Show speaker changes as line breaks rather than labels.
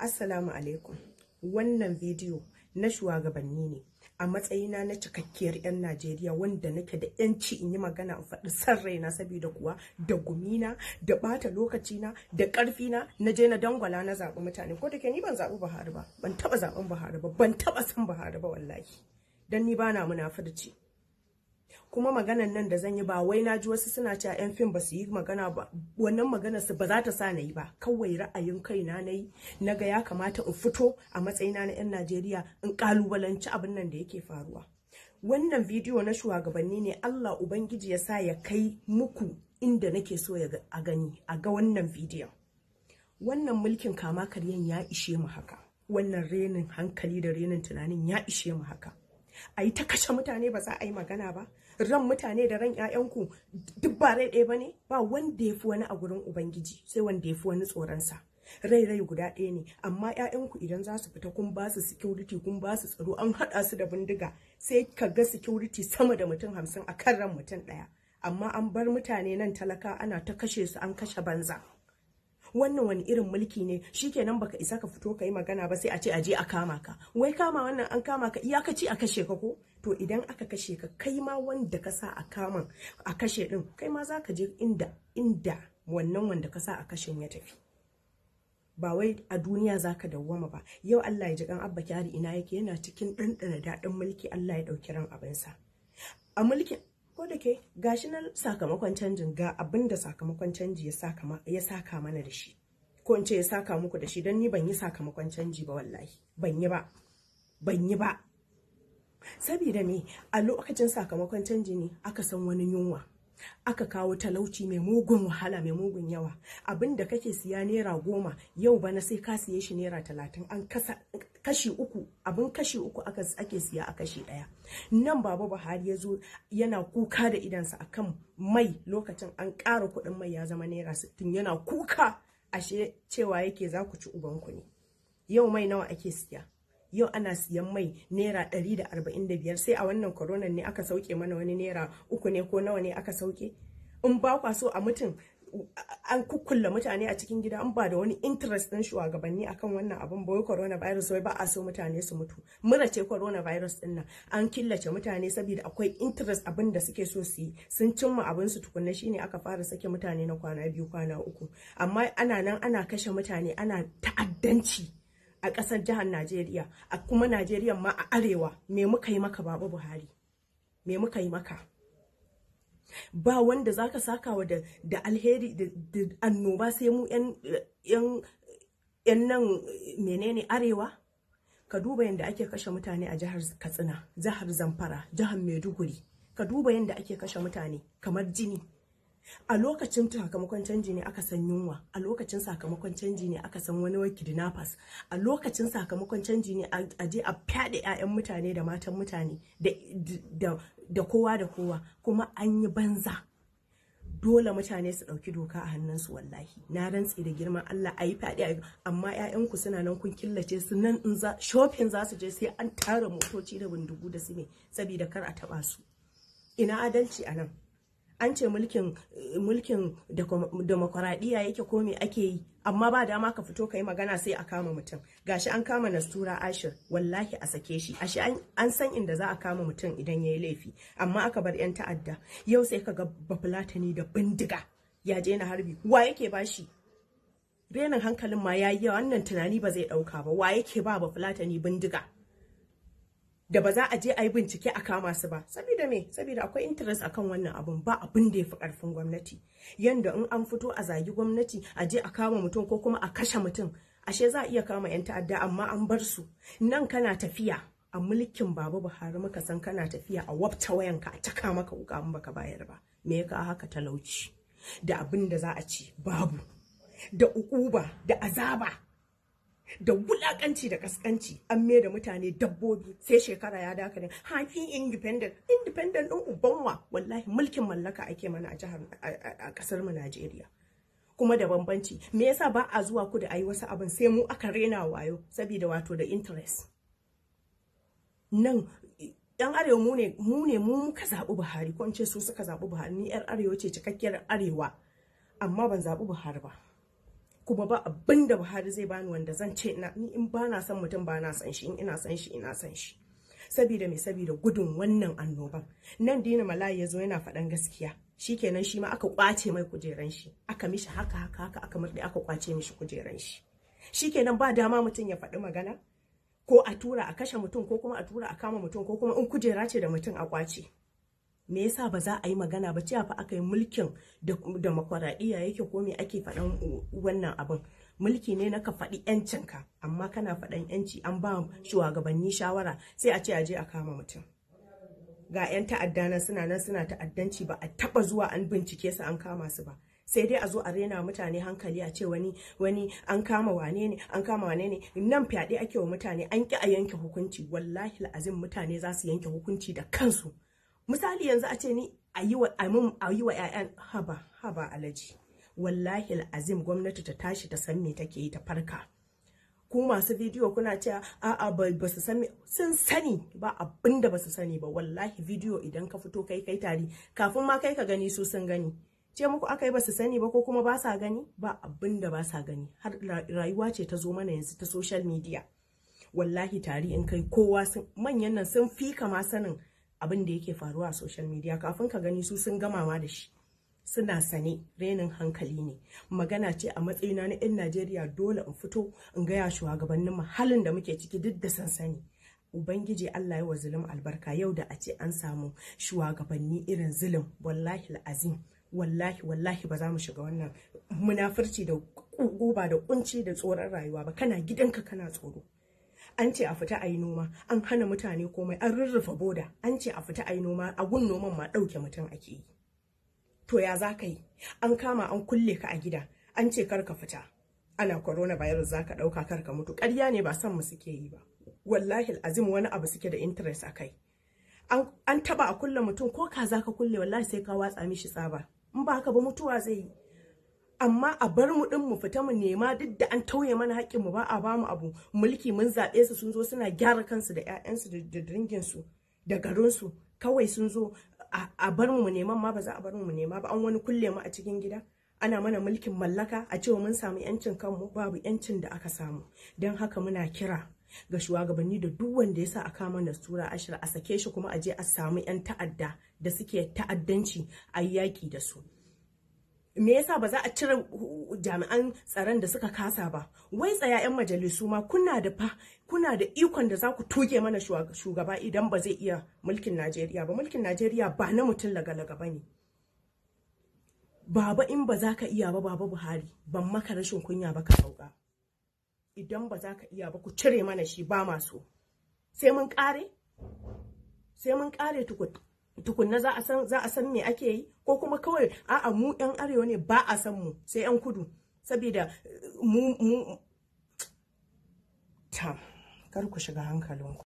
Assalamu alaikum. Wannan bidiyo na shugabanni ne a matsayina na cikakkiyar 'yan Najeriya wanda nake da 'yanci in yi magana in faɗi san raina saboda kuwa da gumina da ɓata lokacina da ƙarfina na je na dangwala na zaɓi mutane ko da ke ni ban zaɓi Buhari ba ban taɓa zaɓin Buhari ba ban taɓa san Buhari ba wallahi dan ni bana munafurci. kuma maganan nan da zan yi ba wai naji wasu suna cewa yan fim ba su yi magana ba wannan magana su ba za ta sa na yi ba kawai ra'ayin kai na yi na ga ya kamata in fito a matsayina na yan najeriya in kalubalanci abin nan da yake faruwa wannan bidiyo na shugabanni ne allah ubangiji ya sa ya kai muku inda nake so a gani a ga wannan bidiyon wannan mulkin kama karyan ya ishe mu haka wannan renin hankali da renin tunanin ya ishe mu haka a yi ta kashe mutane ba za a yi magana ba ran mutane da ran 'ya'yanku duk ba rai ɗaya ba ne ba wanda ya fi wani a gurin ubangiji sai wanda ya fi wani tsoronsa rai rai guda ɗaya ne amma 'ya'yanku idan za su fita kun ba su security kun ba su tsaro an haɗa su da bindiga sai ka ga security sama da mutum hamsin a kan ran mutum ɗaya amma an bar mutane nan talaka ana ta kashe su an kashe banza wannan wani irin mulki ne shikenan baka isa ka fito ka yi magana ba sai a ce aje a kama ka wai kama wannan an kama ka kaci a kashe ka ko to idan aka kashe ka kai ma wanda ka sa a kaman a kashe din kai ma za ka je inda inda wannan wanda ka sa a kashen ya tafi ba wai a duniya za ka dawwama ba yau Allah ya ji kan abba kyari ina yake yana cikin ɗanɗana daɗin mulki Allah ya ɗauki ran abinsa a mulkin ko da ke gashi na sakamakon canjin ga abin da sakamakon canji ya saka mana da shi ko in ce ya saka muku da shi don ni ban yi sakamakon canji ba wallahi ban yi ba ban yi ba sabida me a lokacin sakamakon canji ne aka san wani yunwa aka kawo talauci mai mugun wahala mai mugun yawa abin da kake siya naira goma yau bana sai ka siye shi naira talatin an kashi uku abin kashi uku ake siya a kashi ɗaya. nan baba buhari ya zo yana kuka da idansa akan mai lokacin an kara kuɗin mai ya zama naira sittin yana kuka ashe cewa yake za ku ci ubanku ne yau mai nawa ake siya yau ana siyan mai naira 145 sai a wannan koronan ne aka sauke mana wani naira uku ne ko nawa ne aka sauke in ba kwa so a mutum an kukkula mutane a cikin gida In ba da wani interest din shugabanni akan wannan abin bai coronavirus wai ba a so mutane su mutu mura ce virus din nan an killace mutane saboda akwai interest abin da suke so su yi sun cimma abin su tukunna shine aka fara sake mutane na kwana biyu kwana uku amma ana nan ana kashe mutane ana ta'addanci a ƙasar jihar Najeriya a kuma Najeriya ma a arewa me muka yi maka baba Buhari me muka yi maka ba wanda zaka sakawa da da alheri da annoba sai mu yan yan yan nan menene arewa ka duba yadda ake kashe mutane a jihar Katsina jihar Zamfara jihar Maiduguri ka duba yadda ake kashe mutane kamar jini a lokacin sakamakon canji ne aka san yunwa a lokacin sakamakon canji ne aka san wani kidnappers a lokacin sakamakon canji ne a je a fyaɗe 'ya'yan mutane da matan mutane da kowa da kowa kuma an yi banza dole mutane su ɗauki doka a hannunsu wallahi na rantse da girman Allah a yi fyaɗe amma 'ya'yanku suna nan kun killace su nan in za shopping za su je sai an tara motoci da bindigu da su ne saboda kar a taɓa su ina adalci a nan an ce mulkin mulkin demokuraɗiyya yake ko ake yi amma ba dama ka fito ka yi magana sai a kama mutum gashi an kama nastura ashir wallahi a sake shi ashi an san inda za a kama mutum idan ya yi laifi amma aka bar 'yan ta'adda yau sai ka ga bafulatani da bindiga ya je na harbi wa yake ba shi? renin hankalin ma ya yi wannan tunani ba zai ɗauka ba wa yake ba bafulatani bindiga da ba za a je a yi bincike a kama su ba saboda me saboda akwai interest akan wannan abun ba abin da ya fi karfin gwamnati yanda in an fito a zagi gwamnati a je a kama mutum ko kuma a kashe mutum ashe za a iya kama yan ta'adda amma an bar su nan kana tafiya a mulkin baba buhari muka san kana tafiya a wabta ka a taka maka wuka in baka bayar ba me ya haka talauci da abin da za a ci babu da ukuba da azaba da wulakanci da kaskanci an da mutane dabbobi sai shekara ya daka ne hafi independent independent din ubanwa wallahi mulkin mallaka ake mana a jihar a kasar mu Najeriya kuma da bambanci me yasa ba a zuwa ku da ayi wasu abin sai mu aka rena wayo saboda wato da interest nan yan arewa mu ne mu ne mu muka zaɓi Buhari ko in ce su suka zaɓi Buhari ni yar arewa ce cikakkiyar arewa amma ban zaɓi Buhari ba kuma ba abinda Buhari zai bani wanda zan ce ni in ba na san mutum ba na san shi in ina san shi ina san shi saboda me saboda gudun wannan annoban nan dina malayi ya zo yana faɗan gaskiya shikenan shi ma aka kwace mai kujeran shi aka mishi haka haka haka aka murɗe aka kwace mishi kujeran shi shikenan ba dama mutum ya faɗi magana ko a tura a kashe mutum ko kuma a tura a kama mutum ko kuma in kujera ce da mutum a kwace me yasa ba za a yi magana ba cewa fa aka yi mulkin da makwaraɗiya yake ko me ake faɗan wannan abin mulki ne na ka faɗi yancinka amma kana faɗan yanci an ba shugabanni shawara sai a ce a je a kama mutum ga 'yan ta'adda na suna nan suna ta'addanci ba a taɓa zuwa an bincike su an kama su ba sai dai a zo a rena mutane hankali a ce wani wani an kama wane ne an kama wane ne nan fyaɗe ake wa mutane an ki a yanke hukunci wallahi la'azin mutane za su yanke hukunci da kansu misali yanzu a ce ni a yi wa yayan haba haba alaji wallahi azim gwamnati ta tashi ta san me take yi ta farka ku masu bidiyo kuna cewa a'a ba su san sun sani ba abin ba su sani ba wallahi bidiyo idan ka fito kai kai tari kafin ma kai ka gani su sun gani ce muku aka yi ba su sani ba ko kuma ba sa gani ba abin da ba sa gani har rayuwa ce ta zo mana yanzu ta social media wallahi tari in kai kowa manyan nan sun fika kama sanin abin da yake faruwa a social media kafin ka gani su sun gamawa da shi suna sane renin hankali ne magana ce a matsayina na 'yan najeriya dole in fito in gaya shugabannin halin da muke ciki duk da sansani ubangiji allah ya wa zulum albarka yau da a ce an samu shugabanni irin zulum wallahi azim wallahi wallahi ba za mu shiga wannan munafurci da guba da kunci da tsoron rayuwa ba kana gidanka kana tsoro an ce a fita a yi noma an hana mutane komai an rurrufa boda an ce a fita a yi noma a gun noman ma ɗauke mutum ake yi to ya za ka yi an kama an kulle ka a gida an ce kar ka fita ana corona virus, za ka ɗauka kar ka mutu ƙarya ne ba san mu suke yi ba wallahi azim wani abu suke da interest a kai an taba a kulle mutum ko ka za ka kulle wallahi sai ka watsa mishi tsaba in ba ka ba mutuwa zai yi amma a bar mu din mu fita mu nema duk da an tauye mana haƙƙin mu ba a ba mu abu mulki mun zaɓe su sun zo suna gyara kansu da su da dringin su da garin su kawai sun zo a bar mu neman ma ba za a bar mu nema ba an wani kulle mu a cikin gida ana mana mulkin mallaka a cewa mun samu yancin kanmu babu yancin da aka samu don haka muna kira ga shugabanni da duk wanda ya sa a kama da sura ashirin a sake shi kuma a je a samu 'yan ta'adda da suke ta'addanci a yaƙi da su me yasa ba za a cire jami'an tsaron da suka kasa ba wai tsaya 'yan majalisu ma kuna da fa kuna da ikon da za ku toge mana shugaba idan ba zai iya mulkin najeriya ba mulkin najeriya ba na mutum lagalaga ba ne baba in ba za ka iya ba baba buhari ban maka rashin kunya ba ka sauka idan ba za ka iya ba ku cire mana shi ba masu sai mun kare sai mun kare tukut tukunna za a san za a san me ake yi ko kuma kawai a'a mu yan arewa ne ba a san mu sai yan kudu saboda eh, mu mu ta kar ku shiga hankalinku